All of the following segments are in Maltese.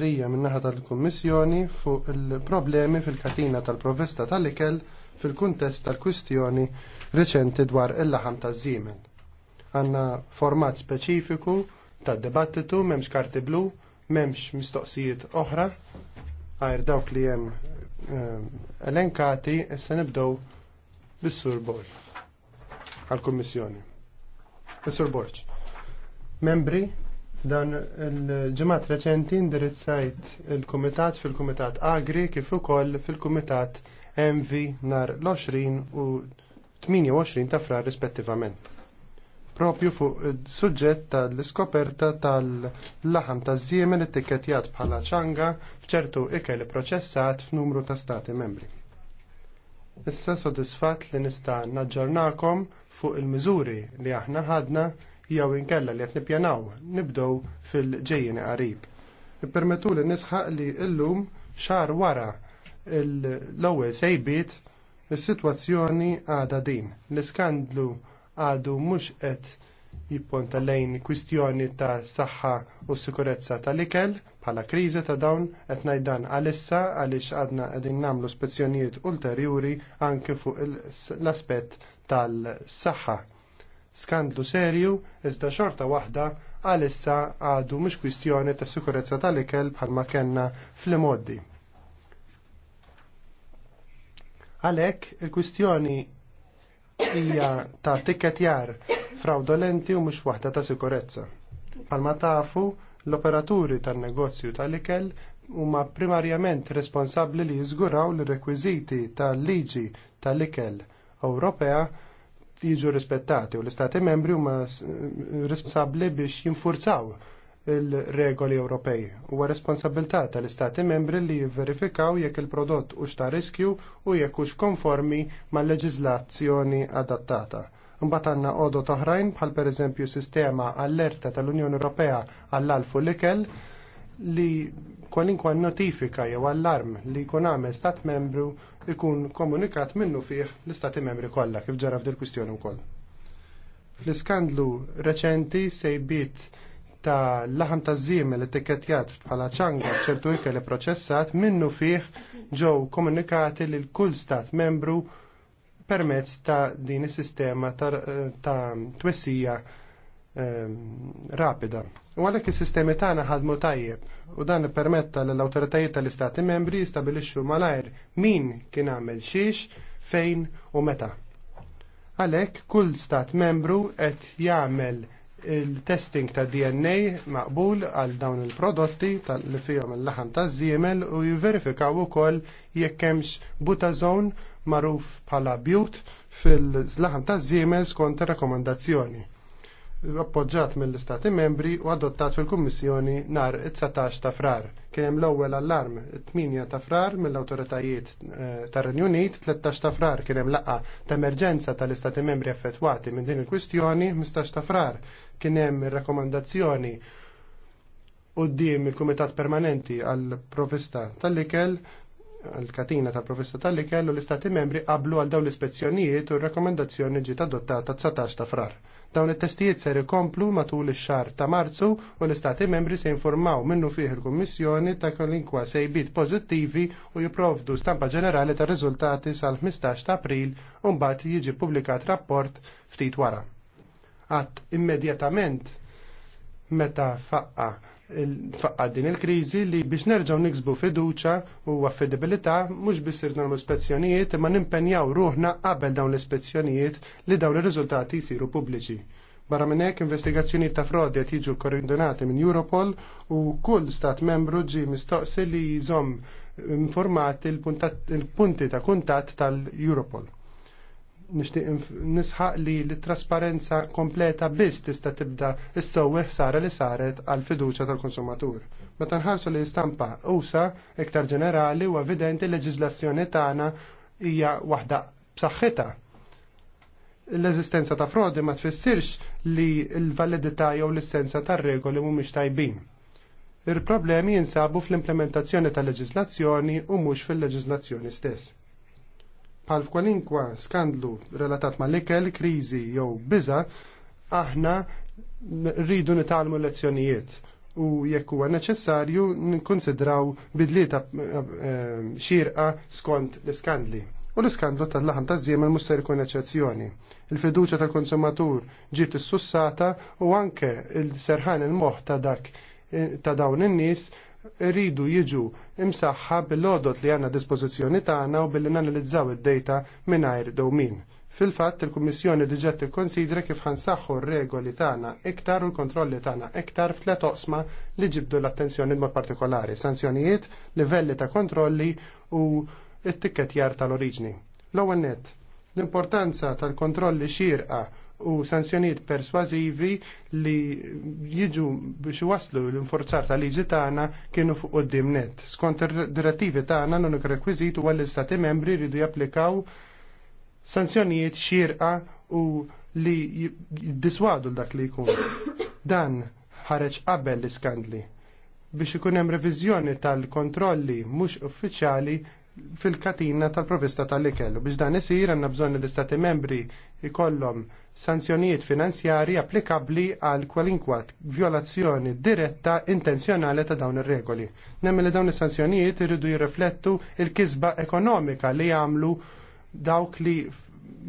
Rija min-naħa tal-Kummissjoni fuq il-problemi fil-katina tal-provesta tal-ikel fil-kuntest tal-kwistjoni reċenti dwar il-laħam ta' żiemen. Għanna format speċifiku ta' dibattitu memx karti blu, memx mistoqsijiet oħra, għajr dawk li jem eh, elenkati, issa nibdow bis-sur Borġ għal-Kummissjoni. Bis-sur Borġ. Membri, Dan il-ġemat reċenti indirizzajt il-Kumitat fil-Kumitat Agri kif ukoll fil-Kumitat MV nar l-20 u 28 ta' frar rispettivament. Propju fuq suġġett tal-iskoperta tal-laħam ta' it tikketjat bħala ċanga f'ċertu ikel proċessat f'numru ta' stati membri. Issa sodisfatt li nista' naġġornakom fuq il-miżuri li aħna ħadna jew inkella li qed nippjanaw nibdew fil-ġejjin qarib. Ippermettu li nisħaq li llum xar wara l-ewwel sejbiet is-sitwazzjoni għadha din. L-iskandlu għadu mhux qed jipponta lejn kwistjoni ta' saħħa u sikurezza tal-ikel bħala kriżi ta' dawn qed ngħidan għalissa għaliex għadna qegħdin nagħmlu spezzjonijiet ulterjuri anke fuq l-aspett tal-saħħa skandlu serju iżda xorta waħda għalissa għadu mhux kwistjoni ta' sikurezza tal-ikel bħalma kellna fl-imoddi. Għalhekk il-kwistjoni hija ta' tikketjar fraudolenti u mhux waħda ta' sikurezza. Palma tafu l-operaturi tan-negozju tal-ikel huma primarjament responsabbli li jiżguraw l rekwiżiti tal-liġi tal-ikel Ewropea jiġu rispettati u l-Istati membri huma eh, responsabbli biex jinfurzaw il-regoli Ewropej. Huwa responsabilità tal-Istati membri li jivverifikaw jekk il-prodott hux ta' riskju u jekk hux konformi mal-leġiżlazzjoni adattata. Mbagħad għandna għodu oħrajn bħal pereżempju sistema allerta tal-Unjoni Ewropea għall-alfu l-ikel li kwalinkwa notifika jew allarm li jkun għamel stat membru ikun komunikat minnu fih l-istati membri kollha kif ġara f'dil kwistjoni wkoll. Fl-iskandlu reċenti sejbit ta' laħam ta' zim li tikketjat bħala ċanga ċertu ikel proċessat minnu fih ġew komunikati lil kull stat membru permezz ta' din is-sistema ta', ta twessija Ehm, rapida. U għalhekk is-sistemi tagħna ħadmu tajjeb u dan permetta l awtoritajiet tal-Istati membri jistabilixxu malajr min kien għamel xiex, fejn u meta. Għalhekk kull stat membru qed jagħmel il-testing ta' DNA maqbul għal dawn il-prodotti li fihom il-laħan ta' żiemel u jiverifikaw ukoll jekk hemmx butazon magħruf bħala bjut fil-laħan ta' żiemel skont ir-rakkomandazzjoni appoġġat mill-Istati membri u adottat fil-Kummissjoni nhar it-19 ta' frar. Kien hemm l-ewwel allarm 8 ta' frar mill-awtoritajiet eh, tar-Renju Unit, 13 ta' frar kien hemm laqgħa ta' emerġenza tal-Istati membri affettwati minn din il-kwistjoni, 15 ta' frar kien hemm ir-rakkomandazzjoni quddiem il-Kumitat Permanenti għall provista tal-ikel l-katina tal-professa tal ikel u l-istati membri qablu għal dawn l-ispezzjonijiet u r-rekomendazzjoni ġiet adottata 19 ta' frar. Dawn it-testijiet ser ikomplu matul ix-xahar ta' Marzu u l-Istati membri se jinformaw minnu fih il-Kummissjoni ta' kolinkwa sejbit pożittivi u jipprovdu stampa ġenerali tar riżultati sal-15 ta' April u mbagħad jiġi ppubblikat rapport ftit wara. Att immedjatament meta faqqa tfaqqad din il-kriżi li biex nerġgħu niksbu fiduċa u affedibilità mhux biss irnu l-ispezzjonijiet imma nimpenjaw ruħna qabel dawn l-ispezzjonijiet li dawn ir-riżultati jsiru pubbliċi. Barra minn hekk investigazzjoni ta' frodi qed jiġu koordinati minn Europol u kull stat membru ġi mistoqsi li jżomm informati l-punti ta' kuntatt tal-Europol nixtieq nisħaq li l-trasparenza kompleta biss tista' tibda s-sowwi ħsara li saret għal fiduċja tal-konsumatur. Meta nħarsu li stampa usa iktar ġenerali u evidenti l-leġiżlazzjoni tagħna hija waħda b'saħħitha. L-eżistenza ta' frodi ma tfissirx li l-validità jew l-essenza tar-regoli mhumiex tajbin. Il-problemi jinsabu fl-implementazzjoni tal-leġiżlazzjoni u mhux fil-leġiżlazzjoni stess. Pal kwalinkwa skandlu relatat ma' l-ikel, krizi jew biza, aħna rridu nitalmu lezzjonijiet u jekk huwa neċessarju nikkonsidraw bidliet eh, xirqa skont l-iskandli. U l-iskandlu tal-laħam ta' żiemel mhux se jkun eċezzjoni. Il-fiduċja tal-konsumatur ġiet issussata u anke il-serħan il-moħħ ta' dak eh, ta' dawn in-nies rridu jiġu imsaħħa bil-lodot li għanna dispożizzjoni tagħna u billi nanalizzaw id dejta mingħajr dowmin. Fil-fatt il-Kummissjoni diġà tikkonsidra kif ħansaħħu r-regoli tagħna iktar u l-kontrolli tagħna iktar f'tlet oqsma li ġibdu l-attenzjoni mod partikolari, sanzjonijiet, livelli ta' kontrolli u t tikketjar tal-oriġni. L-ewwel nett, l-importanza tal-kontrolli xierqa' u sanzjonijiet perswazivi li jiġu biex waslu l-inforzar tal liġi tagħna kienu fuq qudiem net. Skont ir-direttivi tagħna l unik rekwiżit huwa l-istati membri jridu japplikaw sanzjonijiet xirqa u li jiddiswadu l-dak li jkun. Dan ħareġ qabel l-iskandli biex ikun hemm reviżjoni tal-kontrolli mhux uffiċjali fil-katina tal-provista tal-ikel. Biex dan isir għanna bżonn l-Istati membri jkollhom sanzjonijiet finanzjari applikabli għal kwalinkwa violazzjoni diretta intenzjonali ta' dawn ir-regoli. Nemmen li dawn is-sanzjonijiet iridu jirriflettu il-kisba ekonomika li jagħmlu dawk li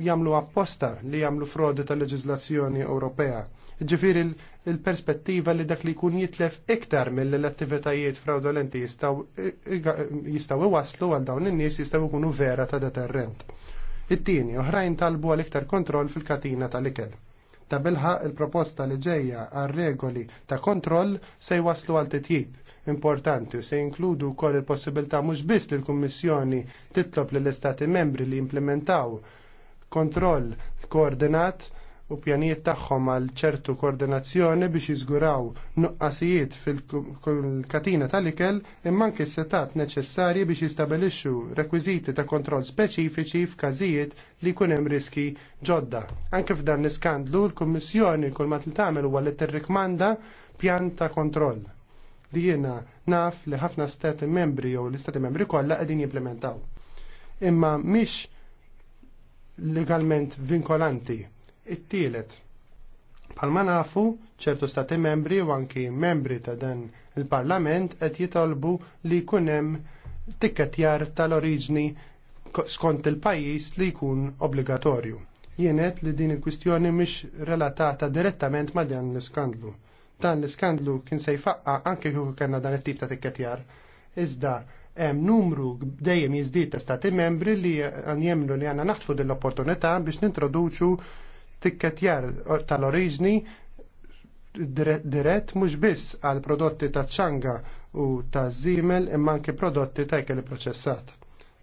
jagħmlu apposta li jagħmlu frodi tal-leġiżlazzjoni Ewropea. Ġifiri il-perspettiva li dak li jkun jitlef iktar mill-attivitajiet fraudolenti jistaw iwaslu għal dawn in-nies jistaw ikunu vera ta' deterrent. It-tieni, oħrajn talbu għal iktar kontroll fil-katina tal-ikel. Ta' bilħa il-proposta li ġejja għal regoli ta' kontroll se jwaslu għal titjib importanti u se jinkludu wkoll il-possibilità mhux biss li l-Kummissjoni titlob lill istati membri li implementaw kontroll koordinat u pjanijiet tagħhom għal ċertu koordinazzjoni biex jiżguraw nuqqasijiet fil-katina tal-ikel imma anke setat neċessarji biex jistabilixxu rekwiżiti ta' kontroll speċifiċi f'każijiet li jkun hemm riski ġodda. Anke f'dan l-iskandlu l-Kummissjoni kull ma tagħmel huwa li tirrikmanda pjan ta' kontroll li jiena naf li ħafna stati membri jew l-istati membri kollha qegħdin jimplementaw. Imma mhix legalment vinkolanti It-tielet, palma nafu ċertu stati membri u anki membri ta' dan il-parlament qed jitolbu li jkun hemm tikketjar tal-oriġni skont il-pajjiż li jkun obbligatorju. Jienet li din il-kwistjoni mhix relatata direttament ma' dan l-iskandlu. Dan l-iskandlu kien se jfaqqa anke kieku kellna dan it-tip ta' tikketjar. Iżda hemm numru dejjem jiżdied ta' stati membri li jemlu li għandna naħtfu din l opportunità biex nintroduċu tikketjar tal-oriġni dirett mhux biss għal prodotti ta' ċanga u ta' zimel imma anke prodotti ta' ikel proċessat.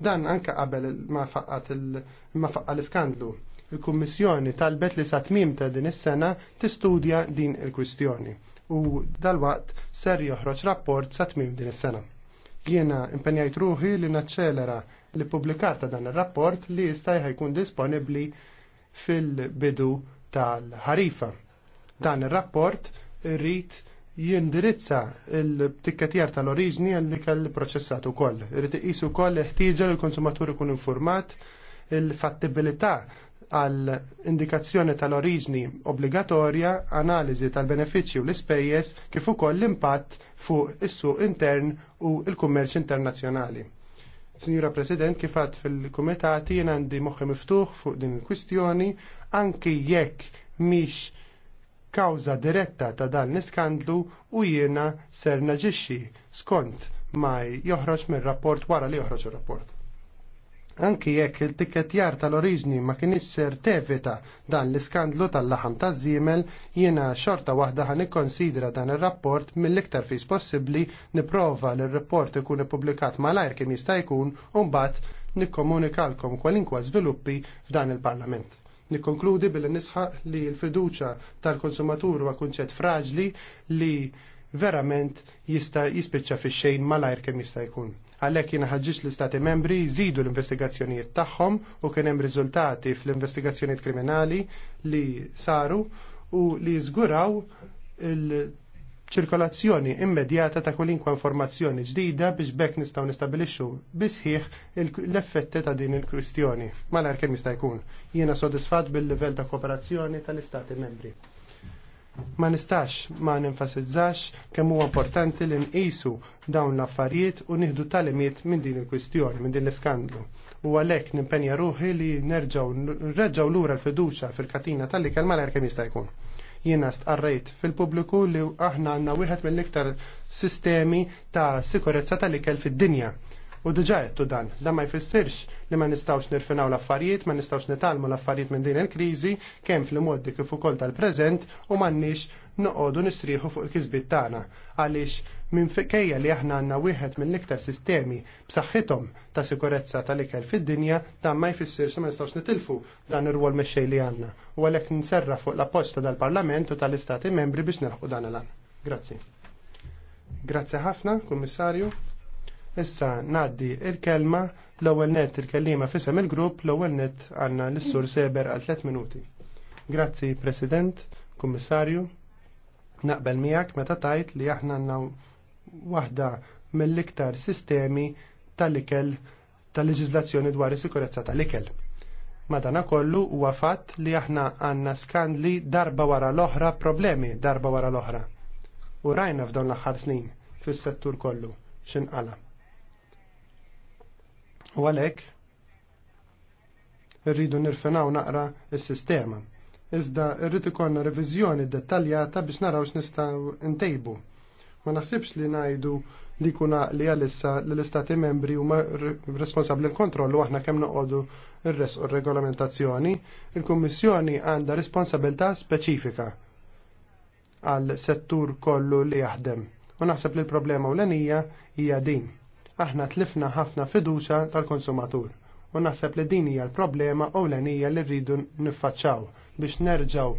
Dan anke qabel ma faqqa l-iskandlu. Il-Kummissjoni talbet li sa tmiem ta' din is-sena tistudja din il-kwistjoni u dalwaqt ser joħroġ rapport sa tmiem din is-sena. Jiena impenjajt ruħi li naċċelera li publikar ta' dan ir-rapport li jista' jkun disponibbli fil-bidu tal-ħarifa. Dan ir-rapport rrit jindirizza il-tikketjar tal-oriġni għalli kell proċessat ukoll. koll. Rrit iqisu koll ħtieġa li l-konsumatur ikun informat il-fattibilità għal indikazzjoni tal-oriġni obbligatorja, analiżi tal-benefiċċji u l-ispejjeż kif ukoll l-impatt fuq is-suq intern u l-kummerċ internazzjonali. Signora President, kifat fil-komitati jien għandi moħħi miftuħ fuq din il-kwistjoni, anki jekk miex kawza diretta ta' dan l-iskandlu u jiena ser naġixxi skont ma joħroġ mir rapport wara li joħroġ ir rapport Anki jekk il-tikketjar tal-oriġni ma kienx ser tevita dan l-iskandlu tal-laħam ta' żiemel, jiena xorta waħda ħan ikkonsidra dan ir-rapport mill-iktar fis possibbli nipprova li r-rapport ikun ippubblikat malajr kien jista' jkun u mbagħad nikkomunikalkom kwalinkwa żviluppi f'dan il-Parlament. Nikkonkludi billi nisħaq li l-fiduċa tal-konsumatur huwa kunċett fraġli li verament jista' jispiċċa fix-xejn malajr kemm jista' jkun. Għalhekk jiena ħaġġiex l-Istati membri jżidu l-investigazzjonijiet tagħhom u kien hemm riżultati fl-investigazzjonijiet kriminali li saru u li żguraw ċirkolazzjoni immedjata ta' kulinkwa informazzjoni ġdida biex bekk nistaw nistabilixxu bisħiħ l-effetti ta' din il-kwistjoni. Malar kemm jista' jkun. Jiena sodisfat bil-livell ta' kooperazzjoni tal-Istati membri. Ma nistax ma nenfasizzax kemm huwa importanti li nqisu dawn l-affarijiet u nieħdu talimiet minn din il-kwistjoni, minn din l-iskandlu. U għalhekk nimpenja ruħi li nerġgħu nreġgħu lura l-fiduċja fil-katina tal-ikel malajr kemm jista' jkun. Jiena stqarrejt fil-pubbliku li aħna għandna wieħed mill-iktar sistemi ta' sikurezza tal-ikel fid-dinja U diġa għettu dan, dan ma jfissirx li ma nistawx nirfinaw l-affarijiet, ma nistawx nitalmu l-affarijiet minn din il-krizi, kemm fil-moddi kif ukoll tal-preżent u m'għandniex noqogħdu nisriħu fuq il-kisbit tagħna għaliex minn fikkejja li aħna għanna wieħed mill-iktar sistemi b'saħħithom ta' sikurezza tal-ikel fid-dinja dan ma jfissirx ma nistgħux nitilfu dan ir-rwol mexxej li għandna. U għalhekk nserra fuq l-appoġġ dal-Parlament u tal-Istati membri biex nilħu dan l-għan. Grazzi. Grazzi ħafna, Kummissarju. Issa naddi il-kelma l-ewwel net il-kellima fisem il-grupp l-ewwel net għandna l-sur Seber għal 3 minuti. Grazzi President, Kummissarju, naqbel miegħek meta tajt li aħna għandna waħda mill-iktar sistemi tal-ikel tal-leġiżlazzjoni dwar is-sikurezza tal-ikel. Madana kollu huwa fatt li aħna għandna skandli darba wara l-oħra problemi darba wara l-oħra. U rajna f'dawn l-aħħar snin fis-settur kollu x'inqala. U għalhekk irridu nirfenaw naqra s-sistema. Iżda rrid ikollna reviżjoni dettaljata biex naraw x'nistgħu ntejbu. Ma naħsibx li ngħidu li kuna li għalissa li l-istati membri huma responsabbli l-kontrollu aħna kemm noqogħdu il res u regolamentazzjoni, il-Kummissjoni għandha responsabilità speċifika għal settur kollu li jaħdem. U naħseb li l-problema u l-enija hija din aħna tlifna ħafna fiduċa tal-konsumatur. U naħseb li din hija l-problema ewlenija li rridu niffaċċaw biex nerġaw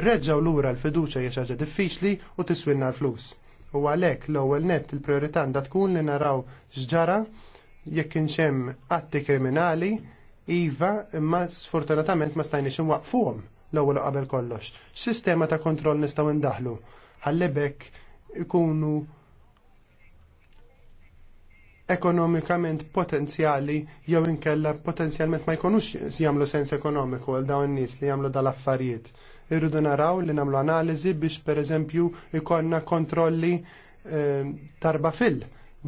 rreġgħu lura l-fiduċa hija xaġa diffiċli u tiswilna l-flus. U għalhekk l-ewwel nett il-priorità għandha tkun li naraw x'ġara jekk hemm atti kriminali iva imma sfortunatament ma stajniex inwaqfuhom l-ewwel qabel kollox. Sistema ta' kontroll nistgħu ndaħlu ħallebek ikunu ekonomikament potenzjali jew inkella potenzjalment ma jkunux jagħmlu sens ekonomiku għal dawn nies li jagħmlu dal-affarijiet. Irridu naraw li nagħmlu analiżi biex pereżempju ikonna kontrolli eh, tarba fil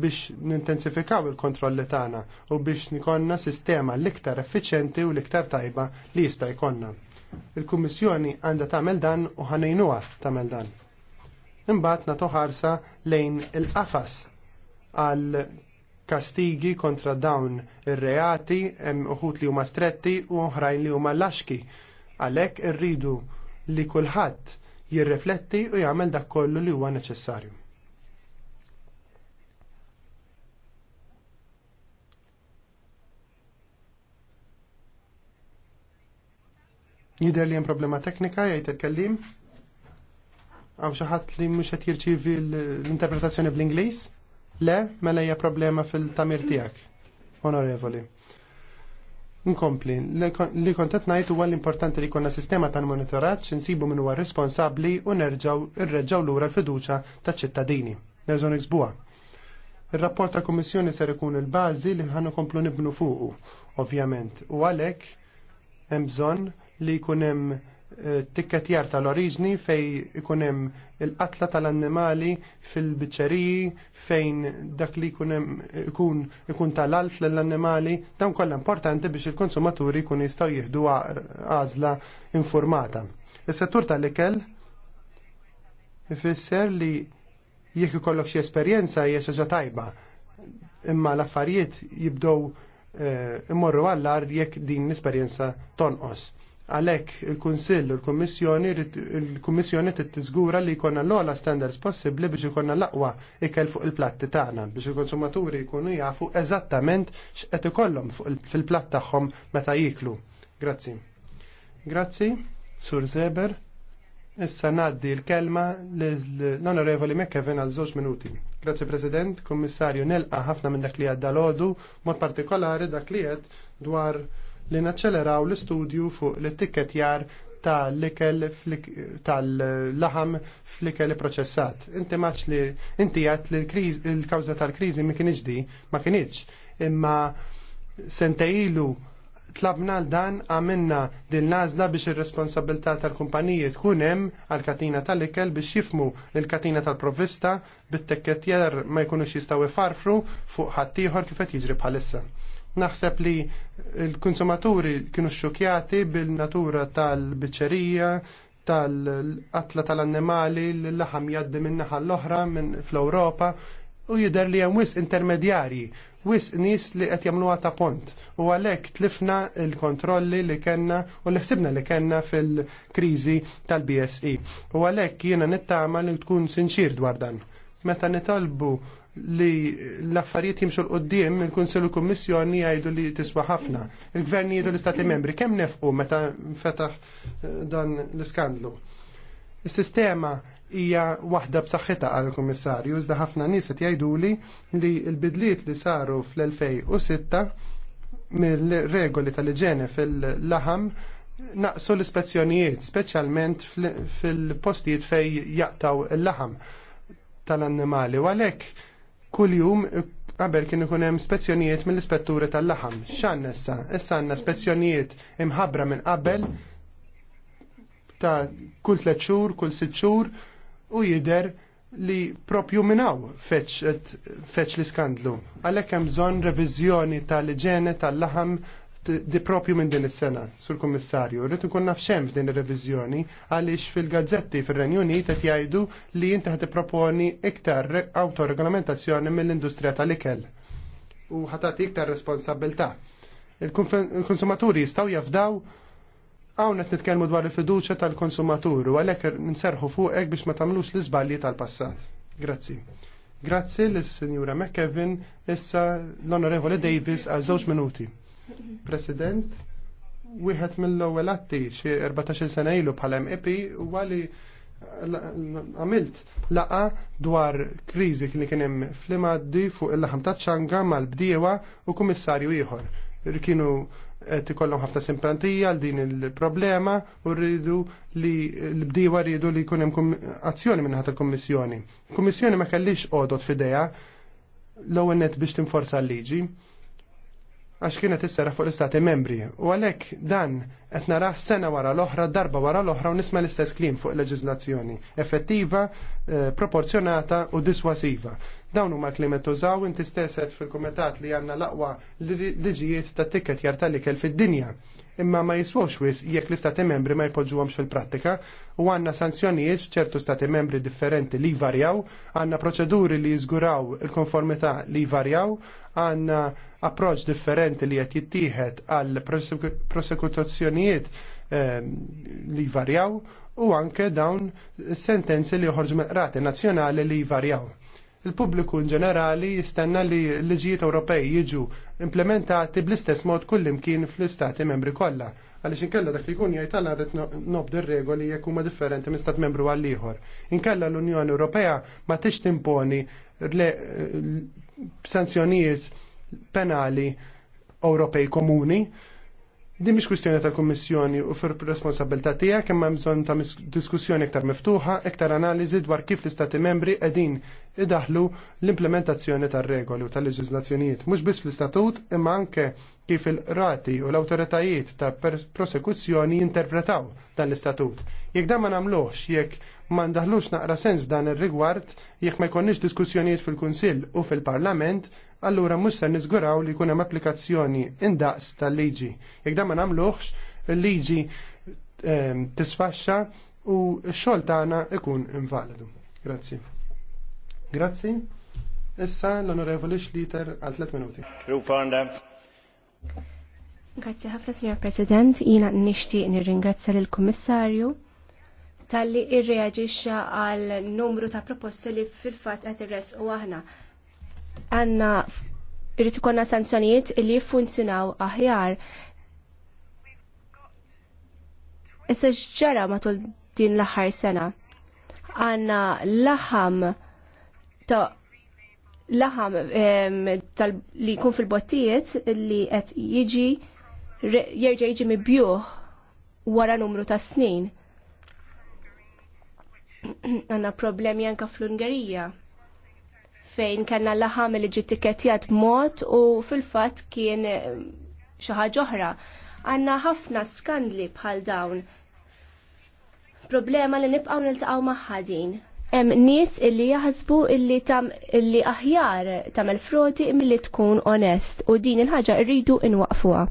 biex nintensifikaw il-kontrolli tagħna u biex nikonna sistema l-iktar effiċjenti u l-iktar tajba li jista' jkollna. Il-Kummissjoni għandha tagħmel dan u ħanejnuha tagħmel dan. Imbagħad nagħtu ħarsa lejn il-qafas għal kastigi kontra dawn ir-reati, hemm uħut li huma stretti u oħrajn li huma laxki. Għalhekk irridu li kulħadd jirrifletti u jagħmel dak kollu li huwa neċessarju. Jider li hemm problema teknika jgħid il-kellim? Għaw xi ħadd li mhux qed jirċievi l-interpretazzjoni bl-Ingliż? Le, mela hija problema fil-tamir tiegħek. Onorevoli. Nkompli, li kontet najtu huwa l-importanti li konna sistema ta' monitoraġġ insibu minn huwa responsabbli u nerġaw irreġaw lura l-fiduċa taċ ċittadini. Nerżon iksbuha. Ir-rapport ta' Kummissjoni ser ikun il-bażi li ħanu komplu nibnu fuqu, ovvjament, u għalhekk hemm bżonn li jkun hemm tikketjar tal-oriġni fej ikunem il-qatla tal-annimali fil-biċċeriji fejn dak li ikunem ikun ikun tal-alf l-annimali dan kollha importanti biex il-konsumaturi kun jistgħu jieħdu għażla informata. Is-settur tal-ikel ifisser li jekk ikollok xi esperjenza hija xi tajba imma l-affarijiet jibdew eh, imorru għallar jekk din l-esperjenza tonqos. Għalhekk il-Kunsill u l-Kummissjoni il-Kummissjoni t tiżgura li jkollna l-ogħla standards possibbli biex jkonna l-aqwa ikel fuq il-platti tagħna biex il-konsumaturi jkunu jafu eżattament x'qed ikollhom fil-platt tagħhom meta jiklu. Grazzi. Grazzi, Sur Zeber. Issa naddi l-kelma l-Onorevoli McKevin għal żewġ minuti. Grazzi President, Kommissarju, nelqa ħafna minn dak li għadda l-ħodu, mod partikolari dak li dwar li naċċeleraw l-istudju fuq l-tikketjar tal tal-laħam fl-ikel proċessat. Inti maċ li inti għat li l-kawza tal-krizi ma kienieġ di, ma kienieġ. Imma sentejlu tlabna l-dan għamilna din nazla biex ir-responsabilità tal-kumpaniji tkun hemm għal-katina tal-ikel biex jifmu il-katina tal provista bit-tekketjer ma jkunux jistgħu ifarfru fuq ħattijħor kif qed jiġri bħalissa. Naħseb li l-konsumaturi kienu xokjati bil-natura tal-biċċerija, tal-qatla tal-annimali, l-laħam jaddi naħa l-oħra minn fl-Ewropa u jider li hemm wis intermedjarji, wis nies li qed jagħmluha ta' pont. U għalhekk tlifna l-kontrolli li kellna u li ħsibna li kellna fil-kriżi tal-BSE. U għalhekk jiena nittama li tkun sinċir dwar dan. Meta nitolbu li l-affarijiet jimxu l-qoddim il-Kunsel u Kummissjoni jgħidu li tiswa ħafna. Il-Gvern jidu l-Istati membri kemm nefqu meta fetaħ eh, dan l-iskandlu. Is-sistema hija waħda b'saħħitha għal kummissarju iżda ħafna nies qed jgħiduli li l-bidliet li saru fl-2006 mill-regoli tal-iġene fil-laħam naqsu l-ispezzjonijiet, speċjalment fil-postijiet fej jaqtaw il-laħam tal-annimali. U għalhekk kuljum eh, qabel kien ikun hemm spezzjonijiet mill-ispetturi tal-laħam. X'għandna issa? Issa għandna spezzjonijiet imħabbra minn qabel ta' kull tliet xhur, kull sitt xhur u jidher li propju minnaw feċ l-iskandlu. Għalhekk hemm bżonn reviżjoni tal-ġene tal-laħam di propju minn din is-sena, sur kummissarju. Rrid ikun naf xem f'din ir-reviżjoni għaliex fil-gazzetti fir-Renju Unit qed jgħidu li inti ħad tipproponi iktar autoregolamentazzjoni mill-industrija tal-ikel u ħatati iktar responsabilità. Il-konsumaturi jistgħu jafdaw hawn qed nitkellmu dwar il-fiduċja tal-konsumatur u għalhekk nserħu fuqek biex ma tagħmlux l-iżbalji tal-passat. Grazzi. Grazzi l-Sinjura McKevin, issa l-Onorevole Davis għal żewġ minuti. President, wieħed mill-ewwel atti xi 14 sena ilu bħala MEP huwa li għamilt laqa dwar kriżi li kien hemm fl-imaddi fuq il-laħam ta' ċanga mal-bdiewa u kummissarju ieħor. Kienu qed ikollhom ħafna simpatija għal din il-problema u rridu li l-bdiewa rridu li jkun hemm azzjoni minn ħadd il-Kummissjoni. Kummissjoni ma kellix għodot f'idejha l-ewwel nett biex tinforza l-liġi għax kienet issera fuq l-istati membri. U għalhekk dan qed naraħ sena wara l-oħra, darba wara l-oħra u nisma' l-istess klim fuq leġiżlazzjoni effettiva, eh, proporzjonata u diswasiva. Dawn huma qed tużaw inti stess fil-kumitat li għandna l-aqwa liġijiet ta' tikket tal-ikel fid-dinja imma ma jiswawx wis jekk l-istati membri ma jpoġġuhomx fil-prattika u għandna sanzjonijiet ċertu stati membri differenti li varjaw, għandna proċeduri li jżguraw il-konformità li varjaw, għandna approċ differenti li qed jittieħed għal prosekutazzjonijiet ehm, li varjaw u anke dawn sentenzi li joħorġu mill-qrati nazzjonali li varjaw il-pubbliku in ġenerali jistenna li l-liġijiet Ewropej jiġu implementati bl-istess mod kullimkien fl-istati membri kollha. Għaliex inkella dak li jkun jgħid tagħna rrid nobdu regoli jekk huma differenti minn stat membru għal ieħor. Inkella l-Unjoni Ewropea ma tix timponi sanzjonijiet penali Ewropej komuni Din mhix kwistjoni tal-Kummissjoni u fir responsabilità tiegħek hemm bżonn ta' diskussjoni iktar miftuħa, iktar analiżi dwar kif l-Istati membri qegħdin idaħlu l-implementazzjoni tar-regoli u tal-leġiżlazzjonijiet, mhux biss fl-istatut imma anke kif il-rati u l-awtoritajiet ta' prosekuzzjoni jinterpretaw dan l-istatut. Jekk dan ma nagħmluhx, jekk ma ndaħlux naqra sens f'dan ir-rigward, jekk ma jkollniex diskussjonijiet fil-Kunsill u fil-Parlament, allura mhux se niżguraw li jkun hemm applikazzjoni indaqs tal-liġi. Jek dan ma nagħmluhx, il-liġi ehm, tisfaxxa u x-xogħol tagħna ikun invalidu. Grazzi. Grazzi. Issa l-Onorevoli xliter għal 3 minuti. Krufanda. Grazzi ħafna, Signor President. Jina nishtiq nirringrazzja lill-Kummissarju tal-li għal numru ta' proposti li fil-fat għat irres u għahna għanna irrit ikonna sanzjonijiet li jiffunzjonaw aħjar. Issa ġara matul din l-aħħar sena. Għanna laħam ta' laħam li jkun fil-bottijiet li qed jiġi jerġa' jiġi mibjuħ wara numru ta' snin. Għanna problemi anka fl-Ungerija fejn kellna laħam li ġi tikketjat b'mod u fil-fatt kien eh, xi ħaġa oħra. Għandna ħafna skandli bħal dawn. Problema li nibqgħu niltaqgħu magħha din. Hemm nies illi jaħsbu illi tam illi aħjar tagħmel froti milli tkun onest u din il-ħaġa rridu in-waqfuwa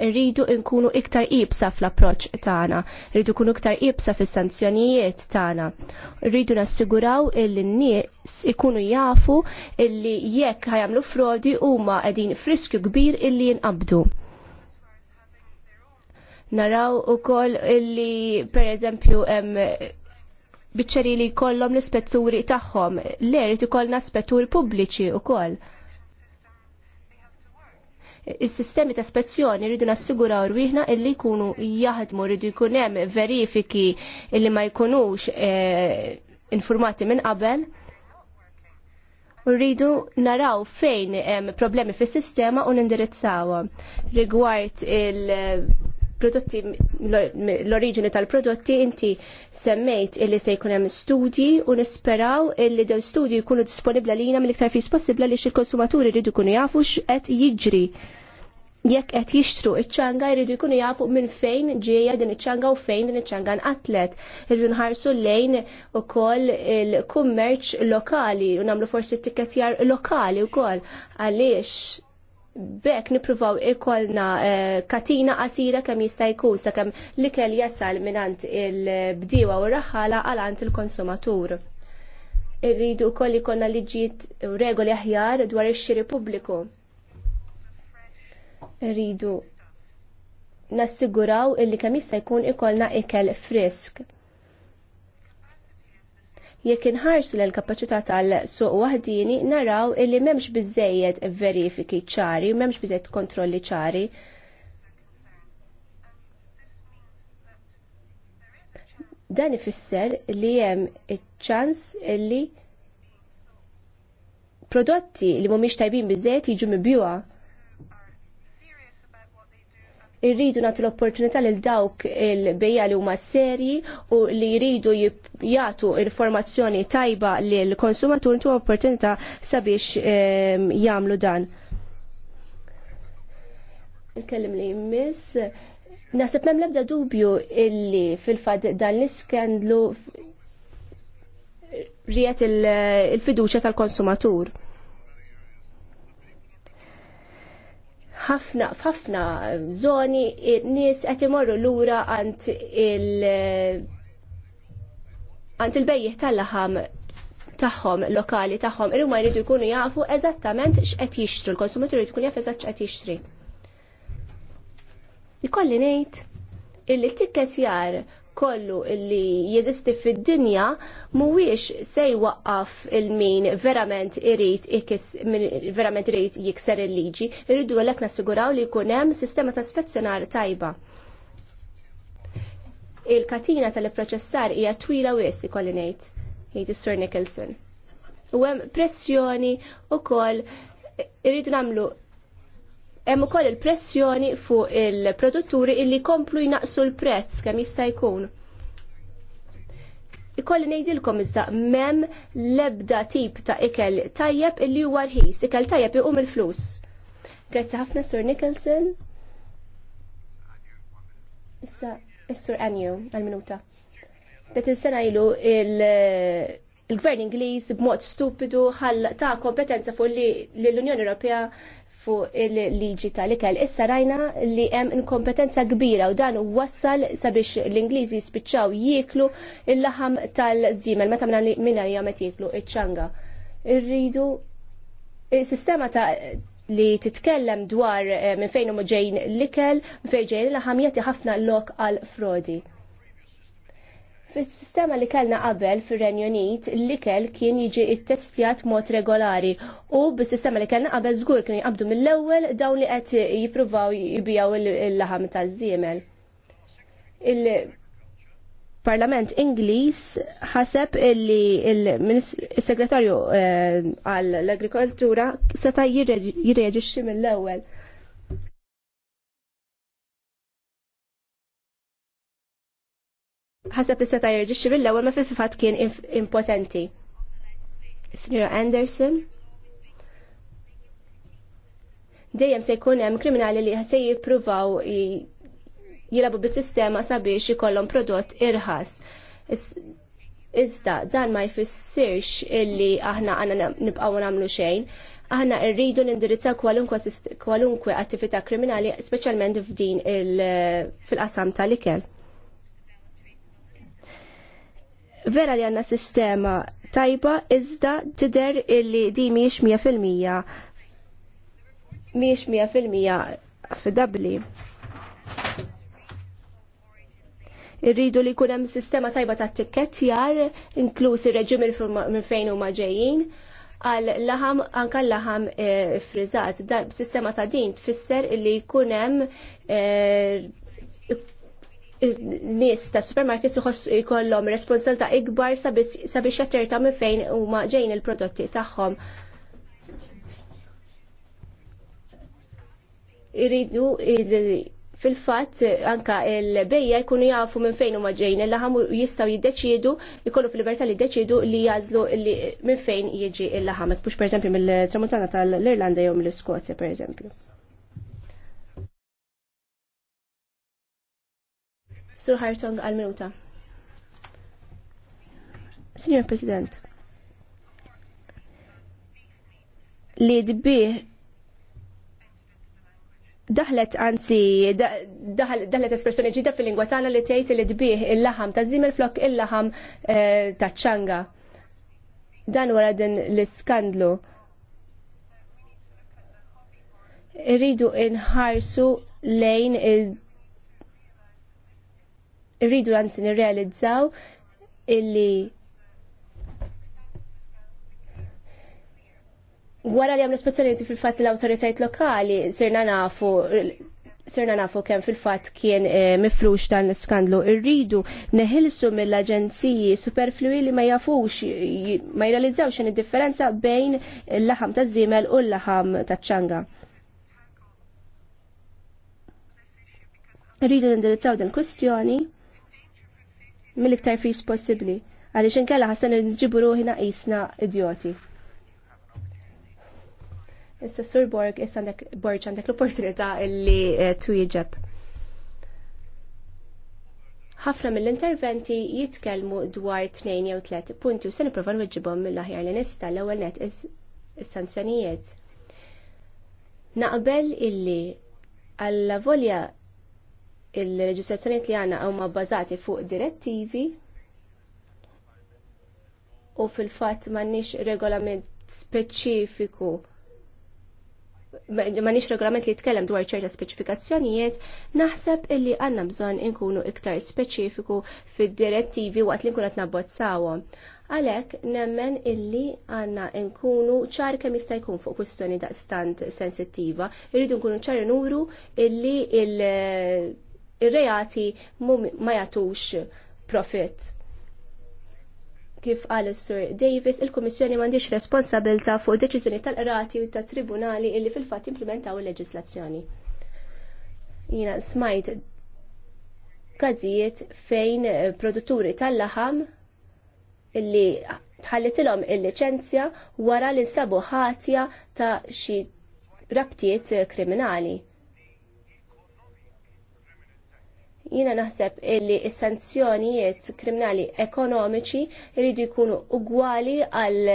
rridu nkunu iktar ibsa fl-approċ tagħna, rridu nkunu iktar ibsa fis-sanzjonijiet tagħna. Rridu nassiguraw il-nies ikunu jafu illi jekk ħajamlu frodi huma qegħdin friskju kbir illi jinqabdu naraw u koll illi per eżempju biċċeri li kollom l-ispetturi taħħom, l-erit u koll spetturi pubbliċi u koll is-sistemi ta' spezzjoni rridu nassiguraw rwieħna illi jkunu jaħdmu rridu jkun hemm verifiki illi ma jkunux eh, informati minn qabel. Rridu naraw fejn hemm problemi fis-sistema u nindirizzawha rigward il- prodotti l-oriġini tal-prodotti inti semmejt illi se jkun hemm studji u nisperaw illi dew studji jkunu disponibbli lina mill-iktar fis possibbli li xil-konsumaturi jridu jkunu jafu x'qed jiġri jekk qed jixtru iċ-ċanga jridu jkunu jafu minn fejn ġejja din iċ-ċanga u fejn din iċ-ċanga nqatlet. Irridu nħarsu lejn ukoll il-kummerċ lokali u nagħmlu forsi t-tikketjar lokali wkoll għaliex bekk nipruvaw ikolna eh, katina qasira kemm jista' jkun sakemm l-ikel jasal minant il-bdiewa u raħala għalant il-konsumatur. Irridu wkoll ikollna liġijiet u regoli aħjar dwar ix-xiri pubbliku. Irridu nassiguraw illi kemm jista' jkun ikollna ikel frisk jekk inħarsu l kapaċità tal-suq waħdini naraw illi m'hemmx biżejjed verifiki ċari, u m'hemmx biżejjed kontrolli ċari. Dan ifisser li hemm iċ-ċans illi prodotti li mhumiex tajbin biżżejjed jiġu mibjuha irridu nagħtu l-opportunità lil dawk il-bejja li huma serji u li jridu jagħtu informazzjoni tajba lil konsumatur intu opportunità sabiex ehm, jagħmlu dan. Nkellim li miss. Nasib mem lebda dubju illi fil-fad dan l iskendlu rijet il-fiduċa tal-konsumatur. ħafna f'ħafna ehm, zoni n-nies qed imorru lura għand il għand il-bejjeħ tal-laħam tagħhom lokali tagħhom irma jridu jkunu jafu eżattament x'qed jixtru, l-konsumatur jkun jaf eżatt x'qed jixtri. Ikolli ngħid illi t-tikketjar kollu illi jeżisti fid-dinja mhuwiex se jwaqqaf il-min verament irid verament irid jikser il-liġi, irridu għalhekk nassiguraw li jkun hemm sistema ta' spezzjonar tajba. Il-katina tal-proċessar hija twila wis ikolli ngħid, jgħid is-Sur Nicholson. U hemm pressjoni wkoll irridu nagħmlu Hemm ukoll il-pressjoni fuq il-produtturi illi komplu jnaqsu l-prezz kemm jista' jkun. Ikolli ngħidilkom iżda m'hemm l-ebda tip ta' ikel tajjeb illi huwa rħis, ikel tajjeb iqum il-flus. Grazzi ħafna Sur Nicholson. Issa is-Sur Anju għal-minuta. Dat il-sena ilu il- il-gvern Ingliż b'mod stupidu ħall ta' kompetenza fuq li l-Unjoni Ewropea fuq il-liġi tal-ikel. Issa rajna li hemm inkompetenza kbira u dan wassal sabiex l-Ingliżi spiċċaw jieklu il-laħam tal-żiemel meta minna li jamet jieklu iċ-ċanga. Irridu sistema ta' li titkellem dwar eh, minn fejn u ġejn l-ikel, minn fejn ġejn l-laħam jagħti ħafna lok għal frodi. Fis-sistema li kellna qabel fir-Renju Unit, l-ikel kien jiġi ttestjat mod regolari u bis-sistema li kellna qabel żgur kienu jqabdu mill-ewwel dawn li qed jippruvaw jibijaw il-laħam taż-żiemel. Il-Parlament Ingliż ħaseb li il-Segretarju eh, għall agrikoltura seta' jirreġixxi mill-ewwel. ħaseb li seta' jirġixxi mill-ewwel ma fil-fatt kien impotenti. Sr. Anderson dejjem se jkun hemm kriminali li se jippruvaw jilabu bis-sistema sabiex ikollhom prodott irħas. Iżda dan ma jfissirx illi aħna għandna nibqgħu nagħmlu xejn aħna rridu nindirizzaw kwalunkwe attività kriminali, speċjalment f'din il-qasam tal-ikel. Vera li għanna sistema tajba iżda tider illi di miex 100% miex 100% fidabli. Irridu li kunem sistema tajba ta' tikket jar, inklusi reġim minn fejn huma ġejjin, għal laħam anka laħam eh, frizzat. Sistema ta' din tfisser illi kunem nies ta' supermarkets iħoss jkollhom ta' ikbar sabiex jatterta minn fejn huma ġejn il-prodotti tagħhom. Iridu fil-fatt anka il-bejja jkunu jafu minn fejn huma ġejn il-laħam u jistgħu jiddeċiedu jkollu fil-libertà li jiddeċidu li jazlu minn fejn jiġi il-laħam, per pereżempju mill-tramuntana tal-Irlanda jew mill per pereżempju. Sur Hartong għal-minuta. Signor President, li dbi daħlet anzi daħlet espressjoni ġida fil-lingwa tagħna li tgħid li dbih il-laħam ta' żimel flok il-laħam eh, ta' ċanga. Dan wara din l-iskandlu. Irridu inħarsu lejn irridu għanzi nirrealizzaw illi wara li għamlu spazzjonijiet fil-fat l-autoritajt lokali sirna nafu sirna nafu kemm fil-fatt kien eh, miflux dan l-skandlu irridu neħilsu mill-aġenziji superflui li ma jafux ma jirrealizzawx id-differenza bejn il-laħam ta' zimel u l-laħam ta' ċanga. Rridu nindirizzaw din kustjoni mill-iktar fis possibbli għaliex inkella ħassan nġibu ruħina qisna idjoti. Issa Sur Borg, issa għandek Borg għandek l-opportunità illi eh, twieġeb. Ħafna mill-interventi jitkellmu dwar tnejn jew tliet punti u se nipprova nweġġibhom mill-aħjar li nista l-ewwel net is-sanzjonijiet. Naqbel illi għalla volja il-leġislazzjoniet li għanna huma bbażati fuq direttivi u fil-fatt m'għandniex regolament speċifiku m'għandniex regolament li jitkellem dwar ċerta speċifikazzjonijiet, naħseb illi għandna bżonn inkunu iktar speċifiku fid-direttivi waqt li nkunu qed nabbozzawhom. Għalhekk nemmen illi għandna nkunu ċar kemm jista' jkun fuq kwistjoni daqstant sensittiva, irridu nkunu ċar nuru illi il- ir-reati ma jagħtux profit. Kif għal Sir sur Davis, il-Kummissjoni m'għandix responsabilta fuq deċiżjoni tal-qrati u tat-tribunali illi fil-fatt implementaw il-leġislazzjoni. Jina smajt każijiet fejn eh, produtturi tal-laħam illi tħallitilhom il-liċenzja wara l-insabu ħatja ta' xi rabtiet eh, kriminali. Jiena naħseb illi s-sanzjonijiet kriminali ekonomiċi jridu jkunu ugwali għal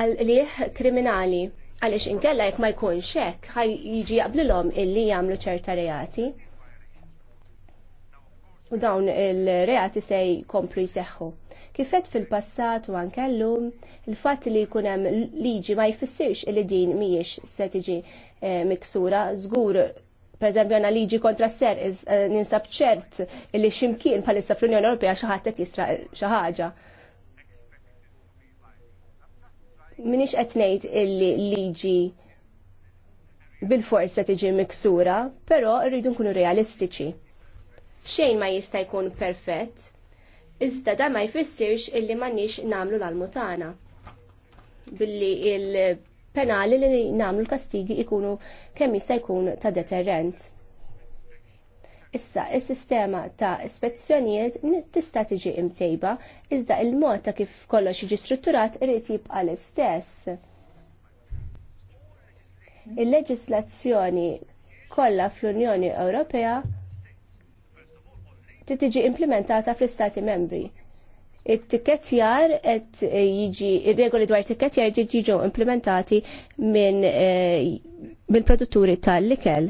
għal liħ kriminali għalix inkella jekk ma jkun xek ħaj jiġi jaqblilhom illi jagħmlu ċerta reati. U dawn il-reati se jkomplu jseħħu. Kifet fil-passat u ankellum, il-fatt li jkun hemm liġi ma jfissirx li din mhijiex se tiġi Eh, miksura. Żgur per eżempju għana liġi kontra ser, eh, ninsab ċert li ximkien palissa fl-Unjoni Ewropea xaħat qed jisra xaħġa. Minix qed ngħid illi liġi bil-forsa tiġi miksura, però rridu nkunu realistiċi. Xejn ma jista' jkun perfett, iżda da ma jfissirx illi nix nagħmlu l-almutana billi il- penali li nagħmlu l-kastigi ikunu kemm jista' jkun ta' deterrent. Issa, is-sistema ta' ispezzjonijiet tista' tiġi imtejba, iżda il-mod ta' kif kollox jiġi strutturat irid jibqa' l-istess. Il-leġislazzjoni kollha fl-Unjoni Ewropea trid tiġi implementata fl-Istati membri it-tikketjar qed jiġi ir-regoli dwar it-tikketjar jiġu implementati minn eh, mill-produtturi tal-ikel.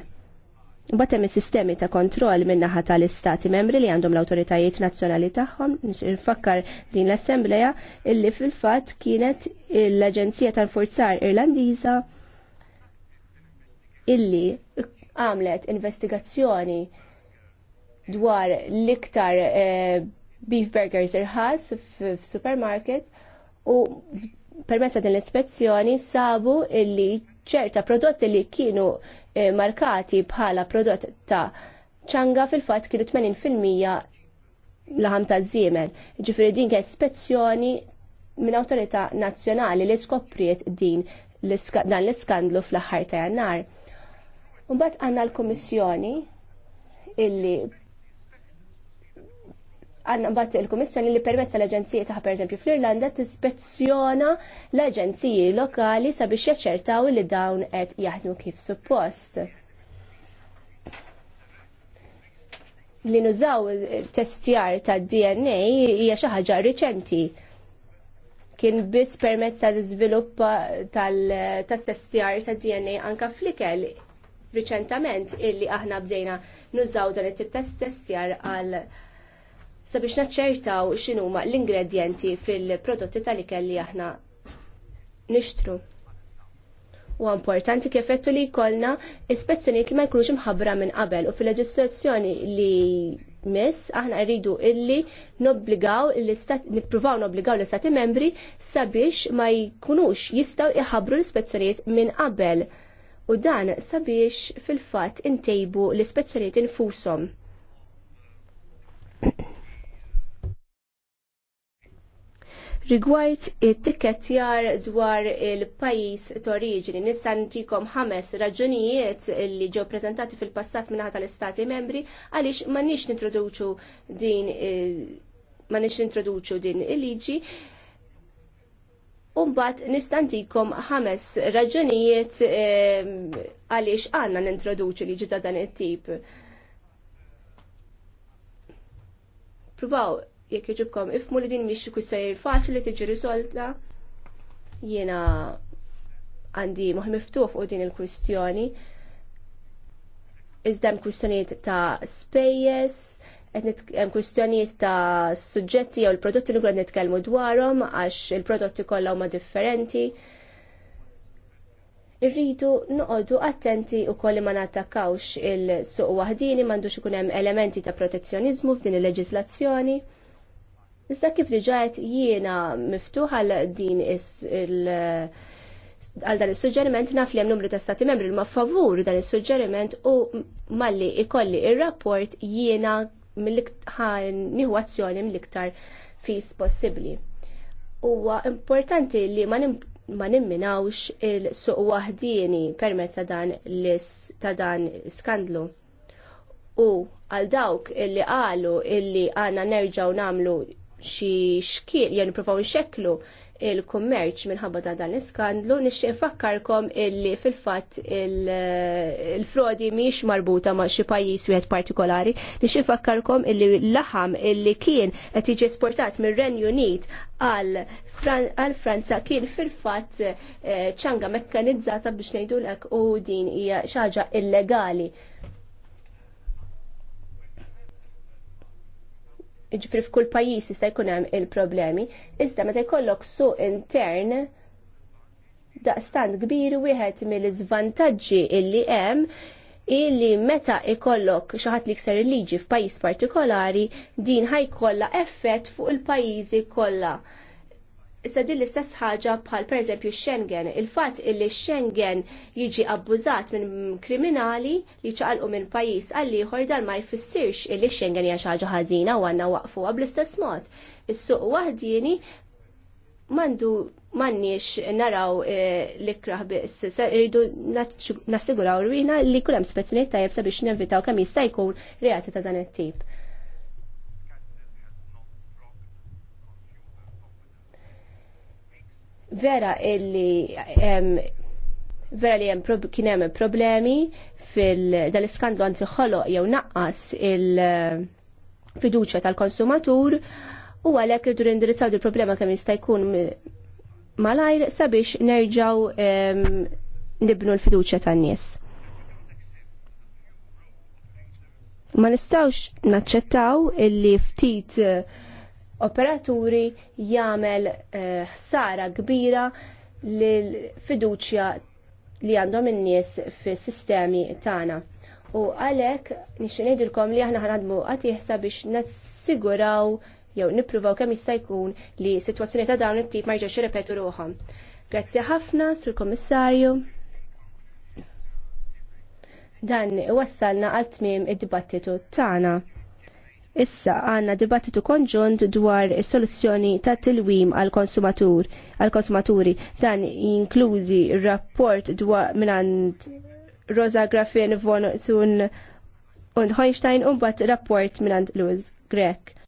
hemm is-sistemi ta' kontroll min-naħa tal-istati membri li għandhom l awtoritajiet nazzjonali tagħhom, nfakkar din l-assembleja illi fil-fatt kienet l-Aġenzija tal-Forzar Irlandiża illi għamlet investigazzjoni dwar l-iktar eh, beef burgers irħas f'supermarket u permezza din l-ispezzjoni sabu illi ċerta prodotti li kienu eh, markati bħala prodott ta' ċanga fil-fat kienu 80% laħam ta' zimen. Ġifiri din kien ispezzjoni minn autorita nazzjonali li skopriet din dan l-iskandlu fl-aħħar ta' jannar. Mbagħad għandna l-Kummissjoni illi għanna mbagħad il-Kummissjoni li permezza l aġenziji taħ pereżempju fl-Irlanda tispezzjona l-Aġenziji lokali sabiex jaċċertaw li dawn qed jaħdmu kif suppost. Li nużaw testjar tad-DNA hija xi ħaġa riċenti kien biss permezz tal żvilupp tal-testjar ta' dna anka fl-ikel riċentament illi aħna bdejna nużaw dan it-tip testjar għal sabiex naċċertaw x'inhuma l-ingredjenti fil-prodotti tal ikelli aħna nixtru. U importanti kif qedtu li jkollna ispezzjonijiet li ma jkunux imħabbra minn qabel u fil-leġislazzjoni li miss aħna rridu illi nobbligaw l-istat nippruvaw nobbligaw l-istati membri sabiex ma jkunux jistgħu iħabbru l-ispezzjonijiet minn qabel. U dan sabiex fil-fatt intejbu l ispezzjoniet infushom Rigward it-tikketjar dwar il-pajjiż t-oriġini, nista' ntikom ħames raġunijiet li ġew preżentati fil-passat minn tal-Istati membri għaliex m'għandniex nintroduċu din eh, m'għandniex nintroduċu din il-liġi. Umbat nistantikom ħames raġunijiet eh, għaliex għanna nintroduċi liġi ta' dan it-tip. Provaw, jekk jġibkom ifmu li din mhix kwistjoni faċli tiġi risolta. Jiena għandi moħ miftuħ fuq din il-kwistjoni. Iżda hemm kwistjonijiet ta' spejjeż, hemm kwistjonijiet ta' suġġetti jew il-prodotti li qed nitkellmu dwarhom għax il-prodotti kollha huma differenti. Irridu noqogħdu attenti wkoll li ma nattakkawx il-suq waħdini m'għandux ikun hemm elementi ta' protezzjoniżmu f'din il leġislazzjoni Issa kif diġajt jiena miftuħ għal din il għal dan is-suġġeriment naf li numru ta' stati membri ma' favur dan is-suġġeriment u malli ikolli il rapport jiena nieħu azzjoni mill-iktar fis possibbli. Huwa importanti li ma nimminawx il-suq wahdini permezz ta' dan ta' dan skandlu. U għal dawk illi qalu illi għandna nerġgħu nagħmlu xi xkiel, jani provaw nxeklu il-kummerċ minħabba ta' dan l-iskandlu, nixxie fakkarkom illi fil-fat eh, il-frodi miex marbuta ma' xi pajjiż wieħed partikolari, nixxie fakkarkom illi l-laħam illi kien qed jiġi esportat mir-Renju Unit għal Franza kien fil-fat eh, ċanga mekkanizzata biex ngħidu lek u din hija xi ħaġa illegali. ġifri f'kull pajjiż jista' jkun hemm il-problemi, iżda meta jkollok suq intern daqstant kbir wieħed mill-iżvantaġġi illi hemm illi meta ikollok xi ħadd li ikser il-liġi f'pajjiż partikolari din ħajkollha effett fuq il-pajjiżi kollha. Issa din l-istess ħaġa bħal pereżempju Schengen. Il-fatt illi Schengen jiġi abbużat minn kriminali li ċaqalqu minn pajjiż għal ieħor dan ma jfissirx illi Schengen hija xi ħaġa ħażina u għandna waqfuha bl-istess mod. Is-suq waħdini mandu m'għandniex naraw eh, l-ikraħ biss, rridu nassiguraw rwina li hemm spettunijiet tajjeb sabiex nevitaw kemm jista' jkun reati ta' dan it-tip. vera illi vera li kien hemm problemi fil dal-iskandlu anzi ħoloq jew naqqas il-fiduċja tal-konsumatur u għalhekk irdu indirizzaw il problema kemm jista' jkun malajr sabiex nerġaw nibnu l-fiduċja tan-nies. Ma nistawx naċċettaw illi ftit operaturi jagħmel eh, ħsara kbira lil fiduċja li għandhom in-nies fis-sistemi tagħna. U għalhekk nixtieq ngħidilkom li aħna ħadmu qatt jeħsa biex nassiguraw jew nippruvaw kemm jista' jkun li sitwazzjoni ta' dawn it-tip ma jġewx irrepetu ruħhom. Grazzi ħafna sur Kommissarju. Dan wassalna għal tmiem id-dibattitu tagħna. Issa għanna dibattitu konġunt dwar soluzzjoni ta' tilwim għal konsumatur għal konsumaturi dan inkluzi rapport dwar minant Rosa Grafin von Thun und Heinstein un bat rapport minant Louis Grek.